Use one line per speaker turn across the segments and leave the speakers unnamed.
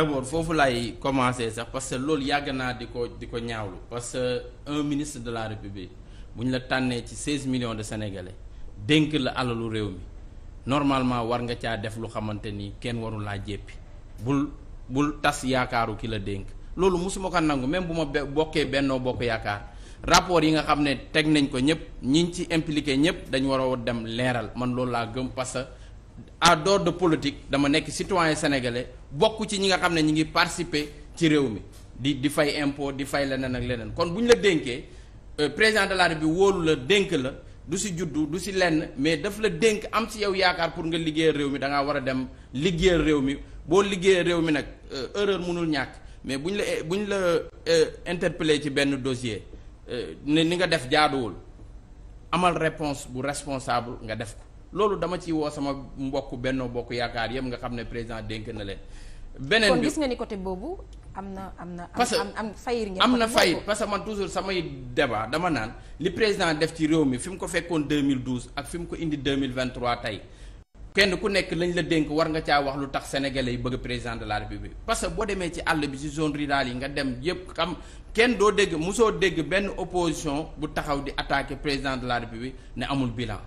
d'abord foofu laay commencer sax parce que loolu yàgg naa di ko di ko ñaawlu parce que un ministre de la république bu ñu la tànnee ci seize millions de sénégalais dénk la alalu réew mi normalement war nga caa def lu xamante ni kenn warul laa jéppi bul bul tas yaakaaru ki la dénk loolu mosuma ko nangu même bu ma bokkee bennoo bokk yaakaar rapport yi nga xam ne teg nañ ko ñëpp ñi ci impliqué ñëpp dañ war dem leeral man loolu laa gëm parce en dehors de politique dama nekk citoyen sénégalais bokk ci ñi nga xam ne ñi ngi participer ci réew mi di di fay impôt di fay leneen ak leneen kon bu ñu la dénkee euh, président de la République wóolu la dénk la du si juddu du si lenn mais daf la dénk am si yow yaakaar pour nga liggéeyal réew mi da ngaa war a dem liggéeyal réew mi boo liggéeyal réew mi nag euh, erreur munul ñàkk mais bu ñu la bu ñu la euh, interpellé ci benn dossier ne ni nga def jaaduwul amal réponse bu responsable nga def ko loolu dama ci woo sama mbokk Benno Bokk Yaakaar yëpp nga xam ne président dénk na leen. beneen bi kon gis nga ni côté boobu am na am na. parce que am am am na fayir parce que man toujours samay débat dama naan li président def ci réew mi fi mu ko fekkoon 2012 ak fi mu ko indi 2023 tey. kenn ku nekk lañ la dénk war nga caa wax lu tax sénégalais yi bëgg président de la république parce que boo demee ci àll bi ci zone rurale yi nga dem yépp xam kenn doo dégg musoo dégg benn opposition bu taxaw di attaquer président de la république ne amul bilan.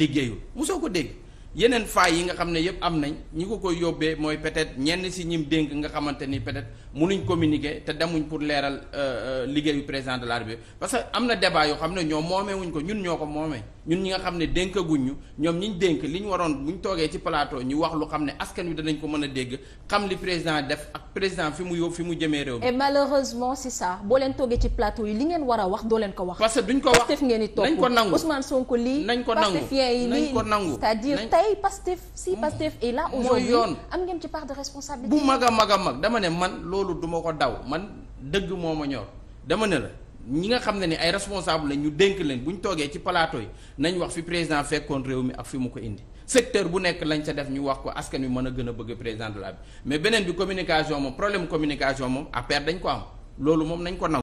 liggéeyul mosoo ko dégg yeneen failles yi nga xam ne yëpp am nañ ñi ko koy yóbbee mooy peut-être ñenn si ñim dénk nga xamante ni peut-être munuñ communiquer te demuñ pour leeral euh, euh, liggéeyu président de la République parce que am na débat yoo xam ne ñoom moomeewuñ ko ñun ñoo ko moomee ñun ñi nga xam ne dénkaguñ ñu ñoom ñiñ dénk li ñu waroon buñ toogee ci plateau ñu wax lu xam ne askan wi danañ ko mën a dégg xam li président def ak président fi mu yóbbu fi mu jëmee réew mi. et malheureusement c'est boo leen toogee ci plateau yi li ngeen war a wax doo leen ko wax. parce que duñ ko wax nañ ko nangu nañ ko nangu nañ ko nangu tey Pastef si mm. Pastef et là aujourd'hui am ngeen ci part de responsabilité. bu mag a mag a mag dama ne man loolu duma ko daw man dëgg moo ma ñor dama ne la ñi nga xam ne ni ay responsable lañ ñu dénk leen bu ñu toogee ci palaato yi nañu wax fi président fekkoon réew mi ak fi mu ko indi secteur bu nekk lañ ca def ñu wax ko askan wi mën a gën a bëgg président de la bi mais beneen bi communication moom problème communication moom affaire dañ ko am loolu moom nañ ko naw